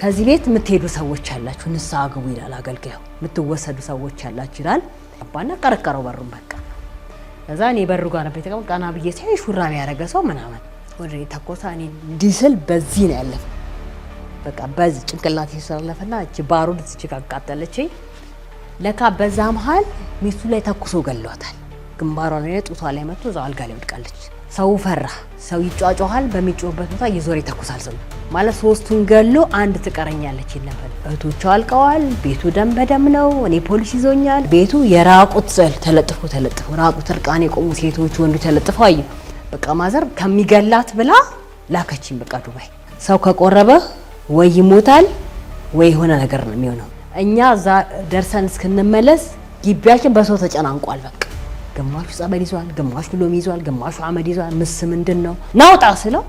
ከዚህ ቤት የምትሄዱ ሰዎች ያላችሁ ንስሐ ግቡ ይላል አገልጋዩ። የምትወሰዱ ሰዎች ያላችሁ ይላል አባና ቀረቀረው በሩን በቃ እዛ እኔ በሩ ጋር ነበር የተቀመጥኩት። ቀና ብዬ ሲያይ ሹራብ ያደረገ ሰው ምናምን ወደ እኔ ተኮሳ። እኔ እንዲህ ስል በዚህ ነው ያለፈ በቃ በዚህ ጭንቅላት ስላለፈና እቺ ባሩድ እዚህ አቃጠለችኝ። ለካ በዛ መሀል ሚስቱ ላይ ተኩሶ ገሏታል። ግንባሯ ላይ ጡቷ ላይ መጥቶ እዛው አልጋ ላይ ወድቃለች። ሰው ፈራ። ሰው ይጫጫሃል። በሚጮህበት ቦታ እየዞረ ይተኩሳል። ሰው ማለት ሶስቱን ገሎ አንድ ትቀረኛለች ይል ነበር። እህቶቹ አልቀዋል። ቤቱ ደም በደም ነው። እኔ ፖሊስ ይዞኛል። ቤቱ የራቁት ስዕል ተለጥፎ ተለጥፎ ራቁት እርቃን የቆሙ ሴቶች፣ ወንዱ ተለጥፎ አየሁ። በቃ ማዘር ከሚገላት ብላ ላከችኝ። በቃ ዱባይ ሰው ከቆረበ ወይ ይሞታል ወይ የሆነ ነገር ነው የሚሆነው። እኛ እዛ ደርሰን እስክንመለስ ግቢያችን በሰው ተጨናንቋል። በቃ ግማሹ ጸበል ይዟል፣ ግማሹ ሎሚ ይዟል፣ ግማሹ አመድ ይዟል። ምስ ምንድን ነው ናውጣ ስለው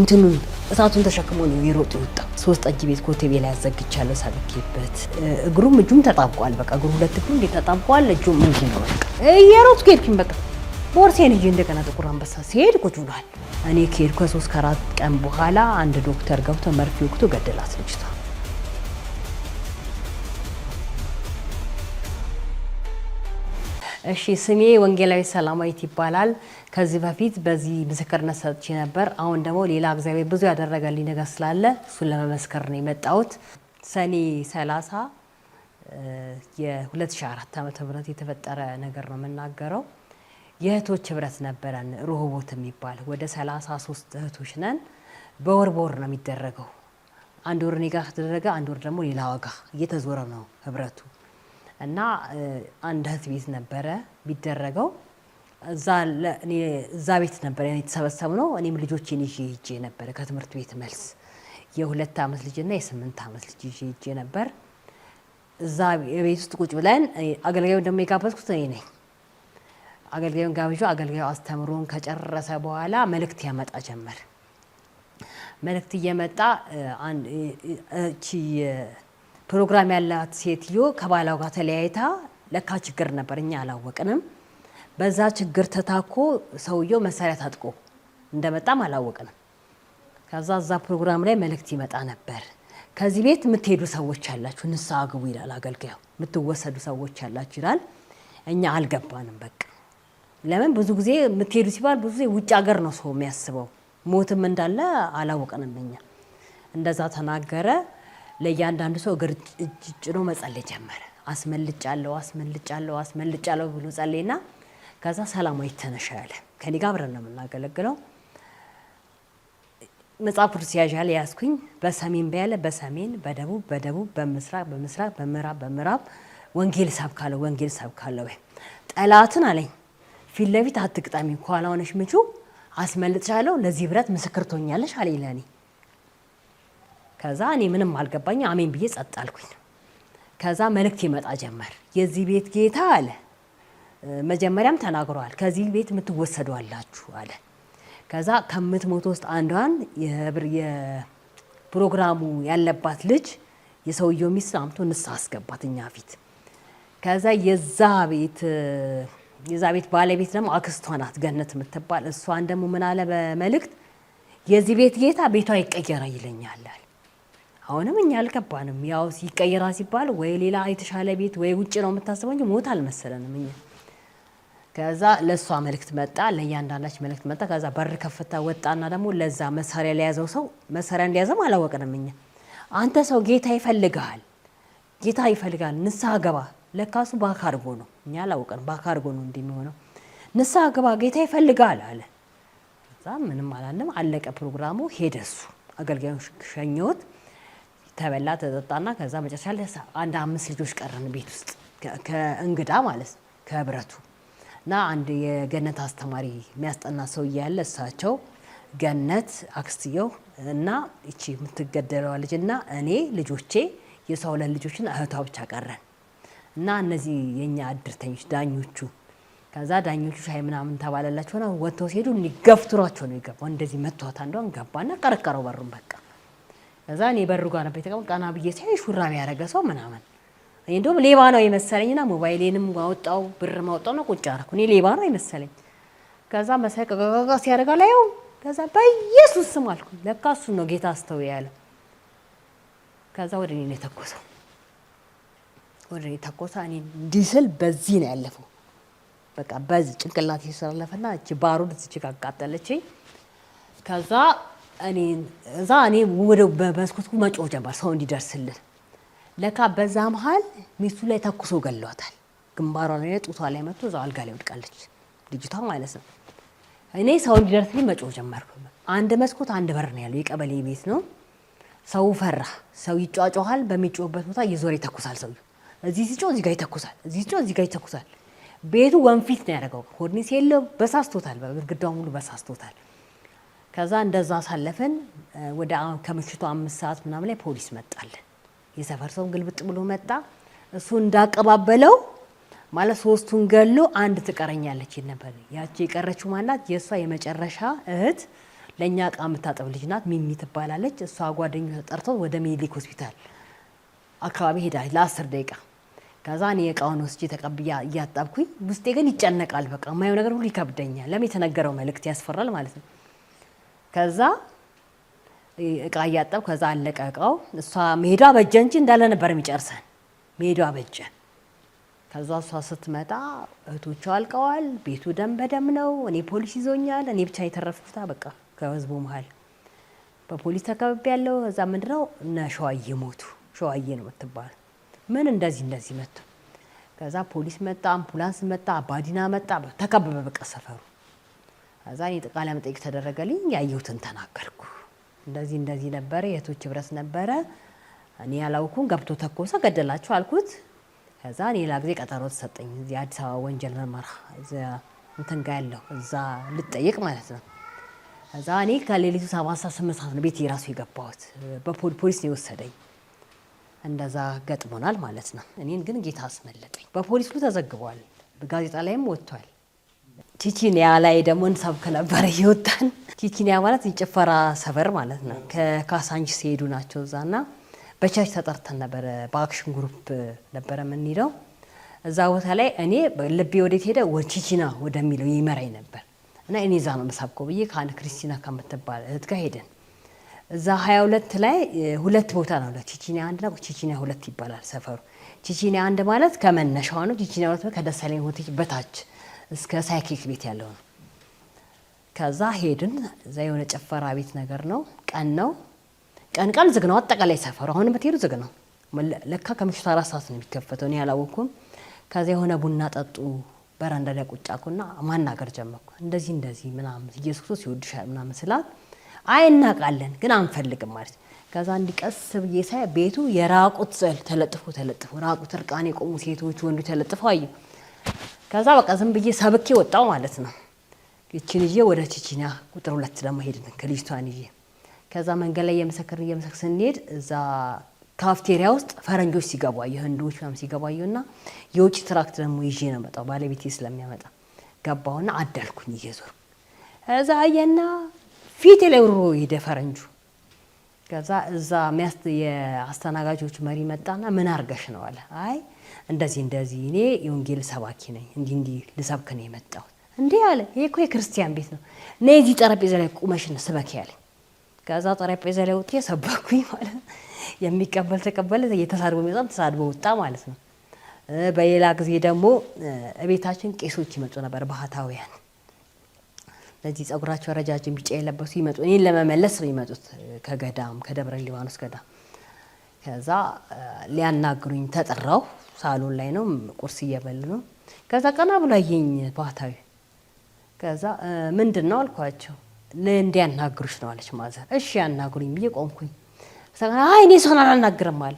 እንትኑን እሳቱን ተሸክሞ ነው የሮጡ ይወጣ። ሶስት ጠጅ ቤት ኮቴቤ ላይ አዘግቻለሁ ሳብኬበት እግሩም እጁም ተጣብቋል። በቃ እግሩ ሁለት እግሩ እንዴት ተጣብቋል። እጁም እንዲህ ነው በቃ እየሮጥኩ ሄድኩኝ። በቃ ቦርሴን ይዤ እንደገና ጥቁር አንበሳ ሲሄድ ቁጭ ብሏል። እኔ ከሄድኩ ከሶስት ከአራት ቀን በኋላ አንድ ዶክተር ገብቶ መርፌ ወቅቶ ገደላት ልጅቷ። እሺ ስሜ ወንጌላዊ ሰላማዊት ይባላል። ከዚህ በፊት በዚህ ምስክርነት ሰጥቼ ነበር። አሁን ደግሞ ሌላ እግዚአብሔር ብዙ ያደረገልኝ ነገር ስላለ እሱን ለመመስከር ነው የመጣሁት። ሰኔ 30 የ2004 ዓ ም የተፈጠረ ነገር ነው የምናገረው። የእህቶች ህብረት ነበረን ሮህቦት የሚባል ወደ 33 እህቶች ነን። በወር በወር ነው የሚደረገው። አንድ ወር እኔ ጋ ከተደረገ አንድ ወር ደግሞ ሌላ ዋጋ እየተዞረ ነው ህብረቱ እና አንድ እህት ቤት ነበረ ቢደረገው እዛ ቤት ነበረ የተሰበሰቡ ነው። እኔም ልጆቼን ይዤ ሂጄ ነበረ ከትምህርት ቤት መልስ የሁለት ዓመት ልጅና የስምንት ዓመት ልጅ ይዤ ሂጄ ነበር። እዛ ቤት ውስጥ ቁጭ ብለን አገልጋዩን ደግሞ የጋበዝኩት እኔ ነኝ። አገልጋዩን ጋብዣ አገልጋዩ አስተምሮን ከጨረሰ በኋላ መልእክት ያመጣ ጀመር። መልእክት እየመጣ ፕሮግራም ያላት ሴትዮ ከባሏ ጋር ተለያይታ ለካ ችግር ነበር፣ እኛ አላወቅንም። በዛ ችግር ተታኮ ሰውየው መሳሪያ ታጥቆ እንደመጣም አላወቅንም። ከዛ እዛ ፕሮግራም ላይ መልእክት ይመጣ ነበር። ከዚህ ቤት የምትሄዱ ሰዎች ያላችሁ ንስሐ ግቡ ይላል አገልጋዩ። የምትወሰዱ ሰዎች ያላችሁ ይላል። እኛ አልገባንም። በቃ ለምን ብዙ ጊዜ የምትሄዱ ሲባል ብዙ ጊዜ ውጭ ሀገር ነው ሰው የሚያስበው። ሞትም እንዳለ አላወቅንም እኛ። እንደዛ ተናገረ። ለእያንዳንዱ ሰው እግር እጅ ጭኖ መጸለይ ጀመረ። አስመልጫለሁ፣ አስመልጫለሁ፣ አስመልጫለሁ ብሎ ጸለይና ከዛ ሰላማዊት ተነሽ አለ። ከኔ ጋር አብረን ነው የምናገለግለው። መጽሐፍ ቅዱስ ያዣል ያስኩኝ በሰሜን በያለ በሰሜን በደቡብ በደቡብ በምስራቅ በምስራቅ በምዕራብ በምዕራብ ወንጌል ሰብካለሁ፣ ወንጌል ሰብካለሁ። ጠላትን አለኝ ፊት ለፊት አትግጠሚ፣ ከኋላ ሆነሽ ምቹ አስመልጥሻለሁ፣ ለዚህ ብረት ምስክር ትሆኛለሽ አለኝ ለእኔ ከዛ እኔ ምንም አልገባኝ፣ አሜን ብዬ ጸጥ አልኩኝ። ከዛ መልእክት ይመጣ ጀመር። የዚህ ቤት ጌታ አለ መጀመሪያም ተናግረዋል። ከዚህ ቤት የምትወሰዱ አላችሁ አለ። ከዛ ከምትሞት ውስጥ አንዷን የፕሮግራሙ ያለባት ልጅ የሰውየው ሚስት አምቶ ንስሐ አስገባት እኛ ፊት። ከዛ የዛ ቤት የዛ ቤት ባለቤት ደግሞ አክስቷ ናት ገነት የምትባል እሷን ደግሞ ምን አለ በመልእክት የዚህ ቤት ጌታ ቤቷ ይቀየራ ይለኛል አለ አሁንም እኛ አልገባንም። ያው ሲቀየራ ሲባል ወይ ሌላ የተሻለ ቤት ወይ ውጭ ነው የምታስበው እንጂ ሞት አልመሰለንም እኛ። ከዛ ለእሷ መልእክት መጣ፣ ለእያንዳንዳች መልእክት መጣ። ከዛ በር ከፍታ ወጣና ደግሞ ለዛ መሳሪያ ለያዘው ሰው መሳሪያ እንደያዘም አላወቅንም እኛ። አንተ ሰው ጌታ ይፈልግሃል፣ ጌታ ይፈልግሃል፣ ንስሐ ገባ። ለካሱ ባካርጎ ነው እኛ አላወቅንም። ባካርጎ ነው እንደሚሆነው። ንስሐ ገባ፣ ጌታ ይፈልግሃል አለ። ከዛ ምንም አላለም፣ አለቀ ፕሮግራሙ። ሄደሱ አገልጋዮች ሸኘሁት። ተበላ ተጠጣና ከዛ መጨረሻ ላይ አንድ አምስት ልጆች ቀረን ቤት ውስጥ ከእንግዳ ማለት ከህብረቱ እና አንድ የገነት አስተማሪ የሚያስጠና ሰው እያለ እሳቸው ገነት አክስትየው እና እቺ የምትገደለዋ ልጅ እና እኔ ልጆቼ የሰው ሁለት ልጆችን እህቷ ብቻ ቀረን እና እነዚህ የእኛ እድርተኞች ዳኞቹ ከዛ ዳኞቹ ሻይ ምናምን ተባለላቸው ሆነ ወጥተው ሲሄዱ እንዲገፍትሯቸው ነው የገባው። እንደዚህ መቷታ እንደሆን ገባና ቀረቀረው በሩን በቃ ከዛ እኔ በሩ ጋር ነበር የተቀመጥኩት። ቀና ብዬ ሲያይ ሹራብ ያደረገ ሰው ምናምን እኔ እንደውም ሌባ ነው የመሰለኝና ሞባይሌንም አወጣው ብር ማወጣው ነው ቁጭ አደረኩ። እኔ ሌባ ነው የመሰለኝ። ከዛ መሳይ ቀቀቀቀ ሲያደርጋ ላየው። ከዛ በኢየሱስ ስም አልኩ። ለካ እሱ ነው ጌታ አስተው ያለ። ከዛ ወደ እኔ ነው የተኮሰው። ወደ እኔ ተኮሳ። እኔ እንዲህ በዚህ ነው ያለፈው። በቃ በዚህ ጭንቅላት ስላለፈና እቺ ባሩድ እዚች ጋር አቃጠለችኝ። ከዛ እዛ እኔ ወደ በስኮትኩ መጮህ ጀመር ሰው እንዲደርስልን። ለካ በዛ መሀል ሚስቱ ላይ ተኩሶ ገሏታል። ግንባሯ ላይ ጡቷ ላይ መጥቶ እዛው አልጋ ላይ ወድቃለች ልጅቷ ማለት ነው። እኔ ሰው እንዲደርስልኝ ጀመርኩ። አንድ መስኮት አንድ በር ነው ያለው፣ የቀበሌ ቤት ነው። ሰው ፈራ። ሰው ይጫጮሃል። በሚጮህበት ቦታ እየዞረ ይተኩሳል። ሰው እዚህ ሲጮህ እዚህ ጋር ይተኩሳል፣ እዚህ ሲጮህ እዚህ ጋር ይተኩሳል። ቤቱ ወንፊት ነው ያደረገው። ኮርኒስ በሳስቶታል። ሙሉ በሳስቶታል። ከዛ እንደዛ አሳለፈን። ወደ ከምሽቱ አምስት ሰዓት ምናምን ላይ ፖሊስ መጣልን። የሰፈር ሰው ግልብጥ ብሎ መጣ። እሱ እንዳቀባበለው ማለት ሶስቱን ገሎ አንድ ትቀረኛለች ነበር። ያቺ የቀረችው ማናት? የእሷ የመጨረሻ እህት ለእኛ እቃ የምታጠብ ልጅ ናት። ሚሚ ትባላለች። እሷ ጓደኞች ተጠርተው ወደ ሚሊክ ሆስፒታል አካባቢ ሄዳለች ለአስር ደቂቃ። ከዛ እኔ እቃውን ወስጄ ተቀብያ እያጣብኩኝ ውስጤ ግን ይጨነቃል። በቃ የማየው ነገር ሁሉ ይከብደኛል። ለምን የተነገረው መልእክት ያስፈራል ማለት ነው። ከዛ እቃ እያጠብ ከዛ አለቀ እቃው። እሷ መሄዷ በጀ እንጂ እንዳለ ነበር የሚጨርሰን። መሄዷ በጀ። ከዛ እሷ ስትመጣ እህቶቹ አልቀዋል። ቤቱ ደም በደም ነው። እኔ ፖሊስ ይዞኛል። እኔ ብቻ የተረፍኩታ በቃ ከህዝቡ መሀል በፖሊስ ተከብብ ያለው። እዛ ምንድነው እነ ሸዋዬ ሞቱ። ሸዋዬ ነው የምትባል ምን እንደዚህ እንደዚህ መጡ። ከዛ ፖሊስ መጣ፣ አምቡላንስ መጣ፣ አባዲና መጣ። ተከበበ በቃ ሰፈሩ ከዛ እኔ ቃለ መጠይቅ ተደረገልኝ። ያየሁትን ተናገርኩ። እንደዚህ እንደዚህ ነበረ፣ የቶች ህብረት ነበረ። እኔ ያላውኩን ገብቶ ተኮሰ፣ ገደላችሁ አልኩት። ከዛ ሌላ ጊዜ ቀጠሮ ተሰጠኝ። እዚህ አዲስ አበባ ወንጀል ምርመራ እንትን ጋ ያለው እዛ ልጠየቅ ማለት ነው። ከዛ እኔ ከሌሊቱ ሰባት ሰዓት ስምንት ሰዓት ነው ቤት የራሱ የገባሁት። በፖሊስ ነው የወሰደኝ። እንደዛ ገጥሞናል ማለት ነው። እኔን ግን ጌታ አስመለጠኝ። በፖሊስ ሁሉ ተዘግቧል፣ በጋዜጣ ላይም ወጥቷል። ቺቺኒያ ላይ ደግሞ እንሰብክ ነበር እየወጣን። ቺቺኒያ ማለት የጭፈራ ሰፈር ማለት ነው። ከካሳንች ሲሄዱ ናቸው እዛ ና በቸርች ተጠርተን ነበረ። በአክሽን ግሩፕ ነበረ የምንሄደው እዛ ቦታ ላይ እኔ ልቤ ወዴት ሄደ? ቺቺና ወደሚለው ይመራኝ ነበር እና እኔ እዛ ነው መሳብከው ብዬ ከአንድ ክርስቲና ከምትባል እህት ጋር ሄደን እዛ ሀያ ሁለት ላይ ሁለት ቦታ ነው ቺቺኒያ አንድ ና ቺቺኒያ ሁለት ይባላል ሰፈሩ። ቺቺኒያ አንድ ማለት ከመነሻው ነው። ቺቺኒያ ሁለት ከደሳለኝ ሆቴል በታች እስከ ሳይክሊክ ቤት ያለው ነው። ከዛ ሄድን። እዛ የሆነ ጭፈራ ቤት ነገር ነው። ቀን ነው፣ ቀን ቀን ዝግ ነው። አጠቃላይ ሰፈሩ አሁን ብትሄዱ ዝግ ነው። ለካ ከምሽቱ አራት ሰዓት ነው የሚከፈተው። እኔ አላወኩም። ከዚያ የሆነ ቡና ጠጡ በረንዳ ላይ ቁጭ አልኩና ማናገር ጀመርኩ። እንደዚህ እንደዚህ ምናምን ኢየሱስ ክርስቶስ ይወድሻል ምናምን ስላት አይ እናውቃለን ግን አንፈልግም ማለት ከዛ እንዲቀስ ብዬ ሳይ ቤቱ የራቁት ስዕል ተለጥፎ ተለጥፎ ራቁት እርቃን የቆሙ ሴቶች ወንዶች ተለጥፈው አየሁ። ከዛ በቃ ዝም ብዬ ሰብኬ ወጣው ማለት ነው። ይችን ይዤ ወደ ቺቺና ቁጥር ሁለት ደግሞ ሄድን ከልጅቷን ይዤ። ከዛ መንገድ ላይ እየመሰከርን እየመሰክ ስንሄድ እዛ ካፍቴሪያ ውስጥ ፈረንጆች ሲገቡ አየሁ፣ ህንዶች ምናምን ሲገቡ አየሁና የውጭ ትራክት ደግሞ ይዤ ነው መጣው ባለቤቴ ስለሚያመጣ ገባሁና አዳልኩኝ እየዞርኩ እዛ አየና ፊት ላይ ሮ ሄደ ፈረንጁ። ከዛ እዛ የአስተናጋጆች መሪ መጣና ምን አርገሽ ነው አለ አይ እንደዚህ እንደዚህ እኔ የወንጌል ሰባኪ ነኝ፣ እንዲህ እንዲህ ልሰብክ ነው የመጣሁት። እንዲህ አለ። ይሄ እኮ የክርስቲያን ቤት ነው። ነይ እዚህ ጠረጴዛ ላይ ቁመሽን ስበኪ ያለኝ። ከዛ ጠረጴዛ ላይ ወጥቼ ሰበኩኝ ማለት ነው። የሚቀበል ተቀበለ፣ የተሳድቦ ሚጻም ተሳድቦ ወጣ ማለት ነው። በሌላ ጊዜ ደግሞ እቤታችን ቄሶች ይመጡ ነበር፣ ባህታውያን እነዚህ ጸጉራቸው ረጃጅም ቢጫ የለበሱ ይመጡ እኔን ለመመለስ ነው ይመጡት ከገዳም ከደብረ ሊባኖስ ገዳም ከዛ ሊያናግሩኝ ተጠራው ሳሎን ላይ ነው፣ ቁርስ እየበል ነው። ከዛ ቀና ብሎ አየኝ ባህታዊ። ከዛ ምንድን ነው አልኳቸው። እንዲያናግሩሽ ነው አለች ማዘር። እሺ ያናግሩኝ ብዬ ቆምኩኝ። አይ እኔ ሰውን አላናግርም አለ።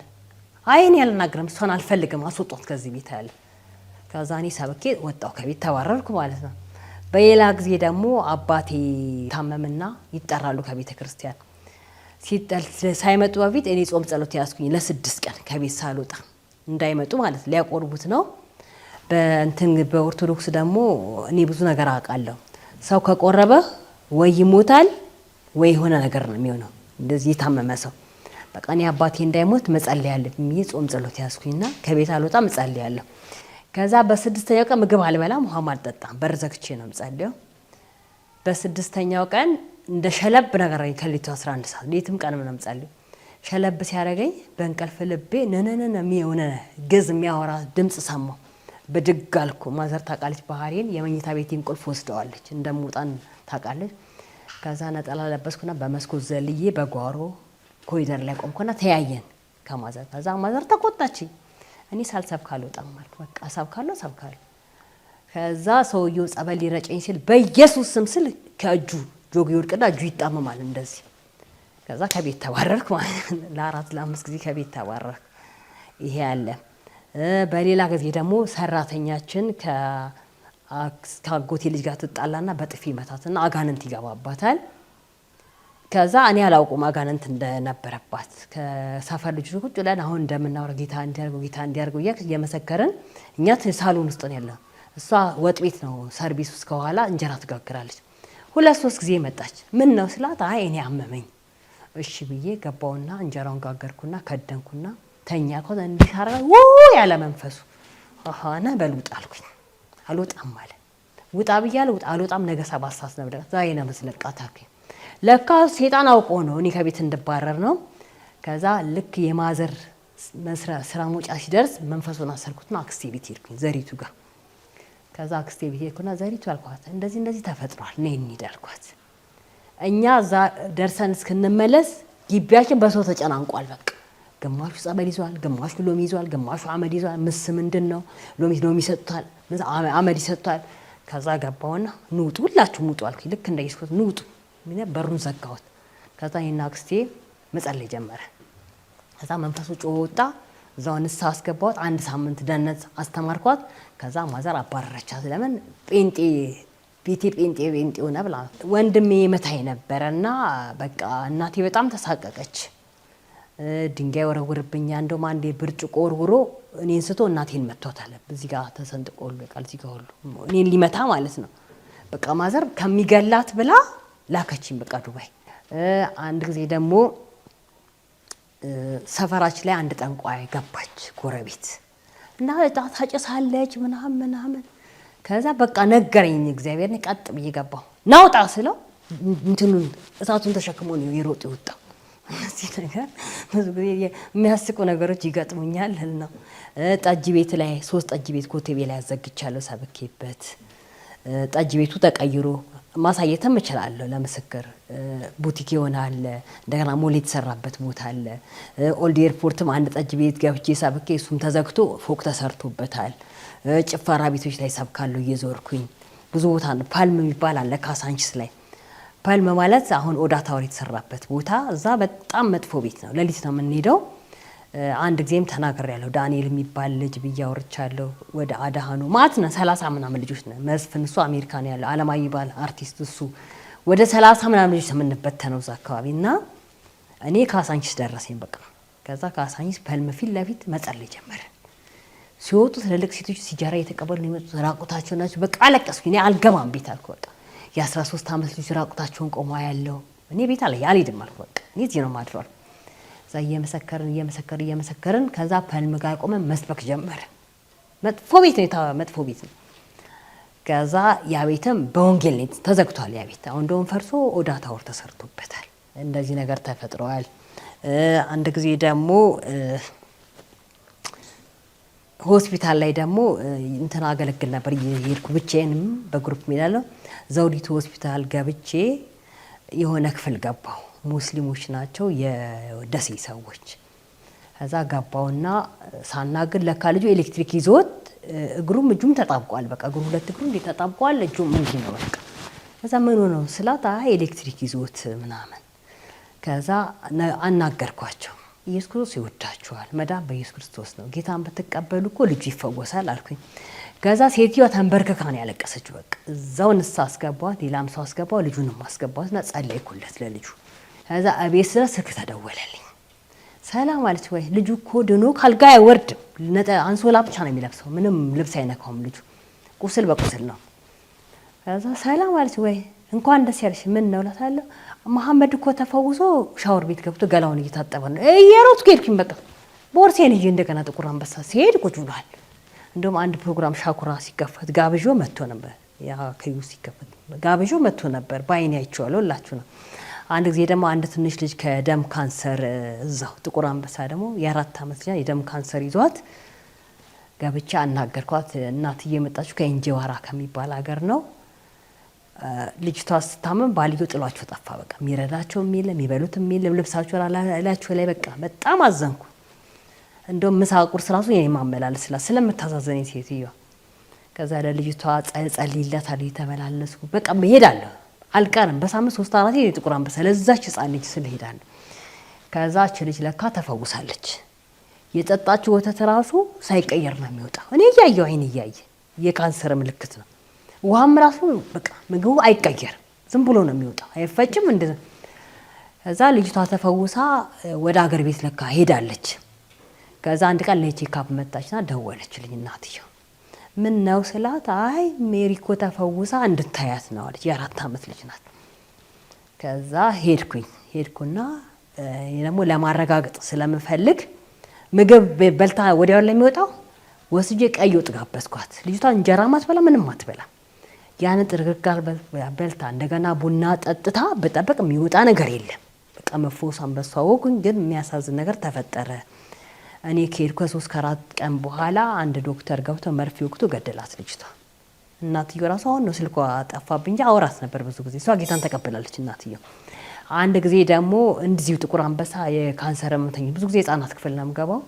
አይ እኔ አላናግርም፣ ሰውን አልፈልግም፣ አስወጡት ከዚህ ቤት አለ። ከዛ እኔ ሰብኬ ወጣው ከቤት ተባረርኩ ማለት ነው። በሌላ ጊዜ ደግሞ አባቴ ታመምና ይጠራሉ ከቤተ ክርስቲያን ሲጠል ሳይመጡ በፊት እኔ ጾም ጸሎት ያስኩኝ ለስድስት ቀን ከቤት ሳልወጣ እንዳይመጡ ማለት ሊያቆርቡት ነው። በእንትን በኦርቶዶክስ ደግሞ እኔ ብዙ ነገር አውቃለሁ። ሰው ከቆረበ ወይ ይሞታል ወይ የሆነ ነገር ነው የሚሆነው። እንደዚህ የታመመ ሰው በቃ እኔ አባቴ እንዳይሞት መጸለይ ብዬ ጾም ጸሎት ያስኩኝና ከቤት አልወጣም እጸልያለሁ። ከዛ በስድስተኛው ቀን ምግብ አልበላም፣ ውሃም አልጠጣም። በር ነው የምጸልየው። በስድስተኛው ቀን እንደ ሸለብ ነገር ከሌቱ 11 ሰዓት ሌትም ቀን ምንም ጸልዩ ሸለብ ሲያደርገኝ በእንቅልፍ ልቤ ነነነነ የሆነ ግዝ የሚያወራ ድምፅ ሰማሁ። ብድግ አልኩ። ማዘር ታውቃለች ባህሪን የመኝታ ቤቴን ቁልፍ ወስደዋለች፣ እንደምወጣን ታውቃለች። ከዛ ነጠላ ለበስኩና በመስኮት ዘልዬ በጓሮ ኮሪደር ላይ ቆምኩና ተያየን ከማዘር። ከዛ ማዘር ተቆጣች። እኔ ሳልሰብክ አልወጣም አልኩ። በቃ ሰብካለሁ ሰብካለሁ። ከዛ ሰውየው ጸበል ሊረጨኝ ሲል በኢየሱስ ስም ስል ከእጁ ጆግ ይወድቅና እጁ ይጣመማል እንደዚህ። ከዛ ከቤት ተባረርክ ማለት ለአራት ለአምስት ጊዜ ከቤት ተባረርክ። ይሄ አለ። በሌላ ጊዜ ደግሞ ሰራተኛችን ከአጎቴ ልጅ ጋር ትጣላና በጥፊ መታትና አጋንንት ይገባባታል። ከዛ እኔ አላውቁም አጋንንት እንደነበረባት ከሰፈር ልጅ ቁጭ ብለን አሁን እንደምናወራ ጌታ እንዲያርገው ጌታ እንዲያርገው እየመሰከርን እኛ ሳሎን ውስጥ ነው ያለ። እሷ ወጥ ቤት ነው ሰርቪስ ውስጥ ከኋላ እንጀራ ትጋግራለች። ሁለት ሶስት ጊዜ መጣች። ምን ነው ስላት አይ እኔ አመመኝ። እሺ ብዬ ገባውና እንጀራውን ጋገርኩና ከደንኩና ተኛ ኮ እንዲህ አረ ያለ መንፈሱ ሆነ በልውጣ አልኩኝ። አልወጣም ማለት ውጣ ብያለ ውጣ አልወጣም። ነገ ሰባት ሰዓት ነው ብለህ ዛሬ ነው መስለቃት ለካ ሴጣን አውቆ ነው እኔ ከቤት እንድባረር ነው። ከዛ ልክ የማዘር ስራ መውጫ ሲደርስ መንፈሱን አሰርኩትና አክስቴ ቤት ሄድኩኝ ዘሪቱ ጋር ከዛ አክስቴ ብዬ እኮና ዘሪቱ አልኳት፣ እንደዚህ እንደዚህ ተፈጥሯል ነይ እንሂድ አልኳት። እኛ እዛ ደርሰን እስክንመለስ ግቢያችን በሰው ተጨናንቋል። በቃ ግማሹ ጸበል ይዟል፣ ግማሹ ሎሚ ይዟል፣ ግማሹ አመድ ይዟል። ምስ ምንድን ነው ሎሚ ሎሚ ይሰጡታል፣ አመድ ይሰጡታል። ከዛ ገባውና ንውጡ፣ ሁላችሁም ውጡ አልኩኝ። ልክ እንደ ይስኩት ንውጡ፣ በሩን ዘጋሁት። ከዛ ይህና አክስቴ መጸለይ ጀመረ። ከዛ መንፈሱ ጮኸ ወጣ። እዛው ንስሐ አስገባሁት። አንድ ሳምንት ደህንነት አስተማርኳት። ከዛ ማዘር አባረረቻት። ለምን ጴንጤ ቤቴ ጴንጤ ጴንጤ ሆነ ብላ ወንድሜ መታኝ ነበረ እና በቃ እናቴ በጣም ተሳቀቀች። ድንጋይ ወረውርብኛ እንደውም አንዴ ብርጭቆ ወርውሮ እኔን ስቶ እናቴን መቷታል። እዚህ ጋ ተሰንጥቆ ሁሉ በቃል እዚህ ጋር ሁሉ እኔን ሊመታ ማለት ነው። በቃ ማዘር ከሚገላት ብላ ላከችኝ በቃ ዱባይ። አንድ ጊዜ ደግሞ ሰፈራች ላይ አንድ ጠንቋይ ገባች ጎረቤት እና ታጭሳለች ምናምን ምናምን። ከዛ በቃ ነገረኝ እግዚአብሔር። ቀጥ ብዬ ገባሁ ናውጣ ስለው እንትኑን እሳቱን ተሸክሞ ነው የሮጥ ይወጣ እዚህ ነገር ብዙ ጊዜ የሚያስቁ ነገሮች ይገጥሙኛል ነው። ጠጅ ቤት ላይ ሶስት ጠጅ ቤት ኮቴቤ ላይ አዘግቻለሁ ሰብኬበት ጠጅ ቤቱ ተቀይሮ ማሳየትም እችላለሁ ለምስክር። ቡቲክ የሆነ አለ፣ እንደገና ሞል የተሰራበት ቦታ አለ። ኦልድ ኤርፖርትም አንድ ጠጅ ቤት ገብቼ ሰብኬ እሱም ተዘግቶ ፎቅ ተሰርቶበታል። ጭፈራ ቤቶች ላይ ሰብካለሁ እየዞርኩኝ ብዙ ቦታ ነው። ፓልም የሚባል አለ ካሳንችስ ላይ። ፓልም ማለት አሁን ኦዳ ታወር የተሰራበት ቦታ፣ እዛ በጣም መጥፎ ቤት ነው። ለሊት ነው የምንሄደው አንድ ጊዜም ተናገር ያለው ዳንኤል የሚባል ልጅ ብዬ አውርቻለሁ። ወደ አድሃኖ ማለት ነ ሰላሳ ምናምን ልጆች ነ መስፍን እሱ አሜሪካን ያለው አለማይ ባል አርቲስት እሱ ወደ ሰላሳ ምናምን ልጆች የምንበተነው እዛ አካባቢ እና እኔ ካሳንቺስ ደረሰኝ በቃ ከዛ ካሳንቺስ ፈልም ፊት ለፊት መጸለይ ጀመረ። ሲወጡ ትልልቅ ሴቶች ሲጃራ እየተቀበሉ ነው የሚመጡት። ራቁታቸው ናቸው። በቃ አለቀስኩ። እኔ አልገባም ቤት አልኩ። በቃ የአስራ ሶስት አመት ልጅ ራቁታቸውን ቆማ ያለው እኔ ቤት አለ አልሄድም አልኩ። በቃ እኔ እዚህ ነው ማድሯል። እዛ እየመሰከርን እየመሰከርን እየመሰከርን ከዛ ፓልም ጋር ቆመን መስበክ ጀመረ። መጥፎ ቤት ነው፣ መጥፎ ቤት ነው። ከዛ ያ ቤትም በወንጌል ነው ተዘግቷል። ያ ቤት አሁን እንደውም ፈርሶ ኦዳ ታወር ተሰርቶበታል። እንደዚህ ነገር ተፈጥረዋል። አንድ ጊዜ ደግሞ ሆስፒታል ላይ ደግሞ እንትን አገለግል ነበር እየሄድኩ ብቻዬንም በግሩፕ ሚላለው ዘውዲቱ ሆስፒታል ገብቼ የሆነ ክፍል ገባሁ። ሙስሊሞች ናቸው የደሴ ሰዎች። ከዛ ገባውና ሳናግር ለካ ልጁ ኤሌክትሪክ ይዞት እግሩም እጁም ተጣብቋል። በቃ እግሩ ሁለት እግሩ እንዴ ተጣብቋል፣ እጁም እንዲህ ነው በቃ። ከዛ ምን ነው ስላት ኤሌክትሪክ ይዞት ምናምን። ከዛ አናገርኳቸው። ኢየሱስ ክርስቶስ ይወዳችኋል፣ መዳን በኢየሱስ ክርስቶስ ነው። ጌታን ብትቀበሉ እኮ ልጁ ይፈወሳል አልኩኝ። ከዛ ሴትዮዋ ተንበርክካ ነው ያለቀሰችው። በቃ እዛው ንስሐ አስገባት፣ ሌላም ሰው አስገባው፣ ልጁንም አስገባዋትና ጸለይኩለት ለልጁ ከዛ እቤት ስደርስ ስልክ ተደወለልኝ። ሰላም አለች ወይ ልጁ እኮ ድኖ ካልጋ አይወርድም፣ አንሶላ ብቻ ነው የሚለብሰው፣ ምንም ልብስ አይነካውም ልጁ ቁስል በቁስል ነው። ከዛ ሰላም አለች ወይ እንኳን ደስ ያለሽ ምን ነው እላታለሁ። መሐመድ እኮ ተፈውሶ ሻወር ቤት ገብቶ ገላውን እየታጠበ ነው። እየሮጥኩ ሄድኩኝ። በቃ ቦርሴን ይዤ እንደገና ጥቁር አንበሳ ሲሄድ ቁጭ ብሏል። እንደውም አንድ ፕሮግራም ሻኩራ ሲከፈት ጋብዦ መጥቶ ነበር። ያ ከዩ ሲከፈት ጋብዦ መጥቶ ነበር። በአይኔ አይቼዋለሁ እላችሁ ነው አንድ ጊዜ ደግሞ አንድ ትንሽ ልጅ ከደም ካንሰር እዛው ጥቁር አንበሳ ደግሞ የአራት ዓመት ልጅ የደም ካንሰር ይዟት ገብቻ አናገርኳት። እናትዬ የመጣችው ከእንጀዋራ ከሚባል ሀገር ነው። ልጅቷ ስታመም ባልዮ ጥሏቸው ጠፋ። በቃ የሚረዳቸው የሚል የሚበሉት የሚል ልብሳቸው ላያቸው ላይ በቃ በጣም አዘንኩ። እንደውም ምሳ ቁርስ ራሱ የኔ ማመላለስ ላ ስለምታሳዘነኝ ሴትዮዋ ከዛ ለልጅቷ ጸልይላት ተመላለስኩ። በቃ መሄዳለሁ አልቀርም በሳምንት ሶስት አራት ጥቁር አንበሳ ለዛች ህፃን ልጅ ስል ሄዳለሁ። ከዛች ልጅ ለካ ተፈውሳለች። የጠጣችው ወተት ራሱ ሳይቀየር ነው የሚወጣው። እኔ እያየው አይን እያየ የካንሰር ምልክት ነው። ውሃም ራሱ በቃ ምግቡ አይቀየርም፣ ዝም ብሎ ነው የሚወጣው፣ አይፈጭም። እንደ ከዛ ልጅቷ ተፈውሳ ወደ አገር ቤት ለካ ሄዳለች። ከዛ አንድ ቀን ለቼካፕ መጣችና ደወለችልኝ እናትየው ምን ነው ስላት፣ አይ ሜሪኮ ተፈውሳ እንድታያት ነው አለች። የአራት አመት ልጅ ናት። ከዛ ሄድኩኝ ሄድኩና ደግሞ ለማረጋገጥ ስለምፈልግ ምግብ በልታ ወዲያው ለሚወጣው ወስጄ ቀይ ወጥ ጋበዝኳት። ልጅቷ እንጀራ ማትበላ ምንም አትበላ። ያን ጥርግርጋር በልታ እንደገና ቡና ጠጥታ በጠበቅ የሚወጣ ነገር የለም። በቃ መፎሳን በሷ ወጉኝ። ግን የሚያሳዝን ነገር ተፈጠረ። እኔ ከሄድኩ ከሶስት ከአራት ቀን በኋላ አንድ ዶክተር ገብቶ መርፌ ወቅቶ ገደላት ልጅቷ። እናትዮ ራሱ አሁን ነው ስልኳ ጠፋብኝ፣ አውራት ነበር ብዙ ጊዜ። እሷ ጌታን ተቀብላለች እናትዮ። አንድ ጊዜ ደግሞ እንዲዚሁ ጥቁር አንበሳ የካንሰር ህመምተኞች ብዙ ጊዜ ህጻናት ክፍል ነው የምገባው።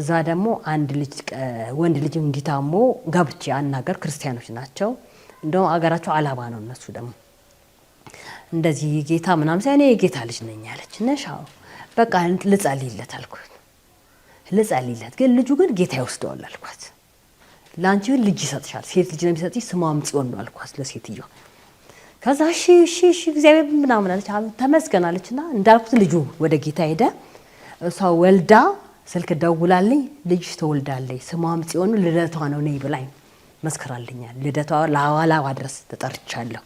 እዛ ደግሞ አንድ ልጅ ወንድ ልጅ እንዲታሞ ጋብቼ አናገር። ክርስቲያኖች ናቸው፣ እንደውም አገራቸው አላባ ነው እነሱ ደግሞ እንደዚህ ጌታ ምናምን ሳይ እኔ የጌታ ልጅ ነኝ ያለች ነሻው በቃ ልጸልይለት አልኩት። ልጸልይላት ግን ልጁ ግን ጌታ ይወስደዋል አልኳት። ለአንቺ ግን ልጅ ይሰጥሻል፣ ሴት ልጅ ነው የሚሰጥሽ፣ ስሟም ጽዮን ነው አልኳት ለሴትዮዋ። ከዛ እሺ እሺ እሺ እግዚአብሔር ምናምን አለች ተመስገን አለች። እና እንዳልኩት ልጁ ወደ ጌታ ሄደ። እሷ ወልዳ ስልክ ደውላልኝ ልጅሽ ተወልዳለች፣ ስሟም ጽዮን ልደቷ ነው ነይ ብላኝ መስከራልኛል። ልደቷ ለሐዋላዋ ድረስ ተጠርቻለሁ።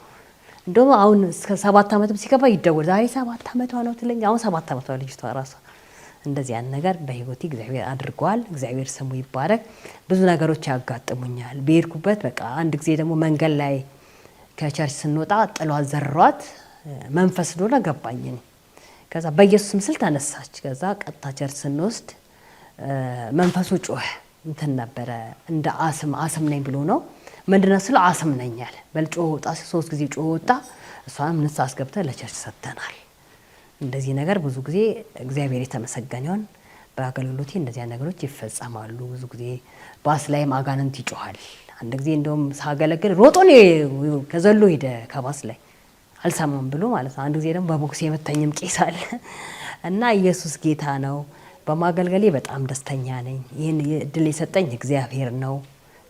እንደውም አሁን እስከ ሰባት ዓመትም ሲገባ ይደወል ዛሬ ሰባት ዓመቷ ነው ትለኝ። አሁን ሰባት ዓመቷ ልጅቷ ራሷ እንደዚያን ነገር በህይወቴ እግዚአብሔር አድርጓል። እግዚአብሔር ስሙ ይባረክ። ብዙ ነገሮች ያጋጥሙኛል በሄድኩበት። በቃ አንድ ጊዜ ደግሞ መንገድ ላይ ከቸርች ስንወጣ ጥሏት ዘሯት መንፈስ እንደሆነ ገባኝ። ከዛ በኢየሱስ ምስል ተነሳች። ከዛ ቀጥታ ቸርች ስንወስድ መንፈሱ ጮኸ። እንትን ነበረ እንደ አስም አስም ነኝ ብሎ ነው ምንድነው ስለ አስም ነኛል በል ጮኸ ወጣ። ሶስት ጊዜ ጮኸ ወጣ። እሷንም ንስሐ አስገብተን ለቸርች ሰጥተናል። እንደዚህ ነገር ብዙ ጊዜ እግዚአብሔር የተመሰገነውን በአገልግሎቴ እንደዚያ ነገሮች ይፈጸማሉ። ብዙ ጊዜ ባስ ላይም አጋንንት ይጮሃል። አንድ ጊዜ እንደውም ሳገለግል ሮጦ ነው ከዘሎ ሄደ ከባስ ላይ አልሰማም ብሎ ማለት ነው። አንድ ጊዜ ደግሞ በቦክስ የመተኝም ቄስ አለ እና ኢየሱስ ጌታ ነው። በማገልገሌ በጣም ደስተኛ ነኝ። ይህን እድል የሰጠኝ እግዚአብሔር ነው።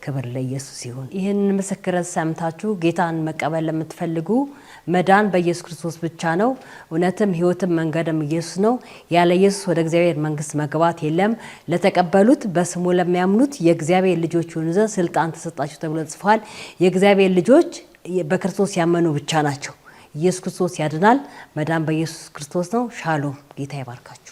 ክብር ለኢየሱስ ይሁን። ይህን ምስክርን ሰምታችሁ ጌታን መቀበል ለምትፈልጉ መዳን በኢየሱስ ክርስቶስ ብቻ ነው። እውነትም ሕይወትም መንገድም ኢየሱስ ነው። ያለ ኢየሱስ ወደ እግዚአብሔር መንግስት መግባት የለም። ለተቀበሉት በስሙ ለሚያምኑት የእግዚአብሔር ልጆች ይሆኑ ዘንድ ስልጣን ተሰጣችሁ ተብሎ ጽፏል። የእግዚአብሔር ልጆች በክርስቶስ ያመኑ ብቻ ናቸው። ኢየሱስ ክርስቶስ ያድናል። መዳን በኢየሱስ ክርስቶስ ነው። ሻሎም። ጌታ ይባርካቸው።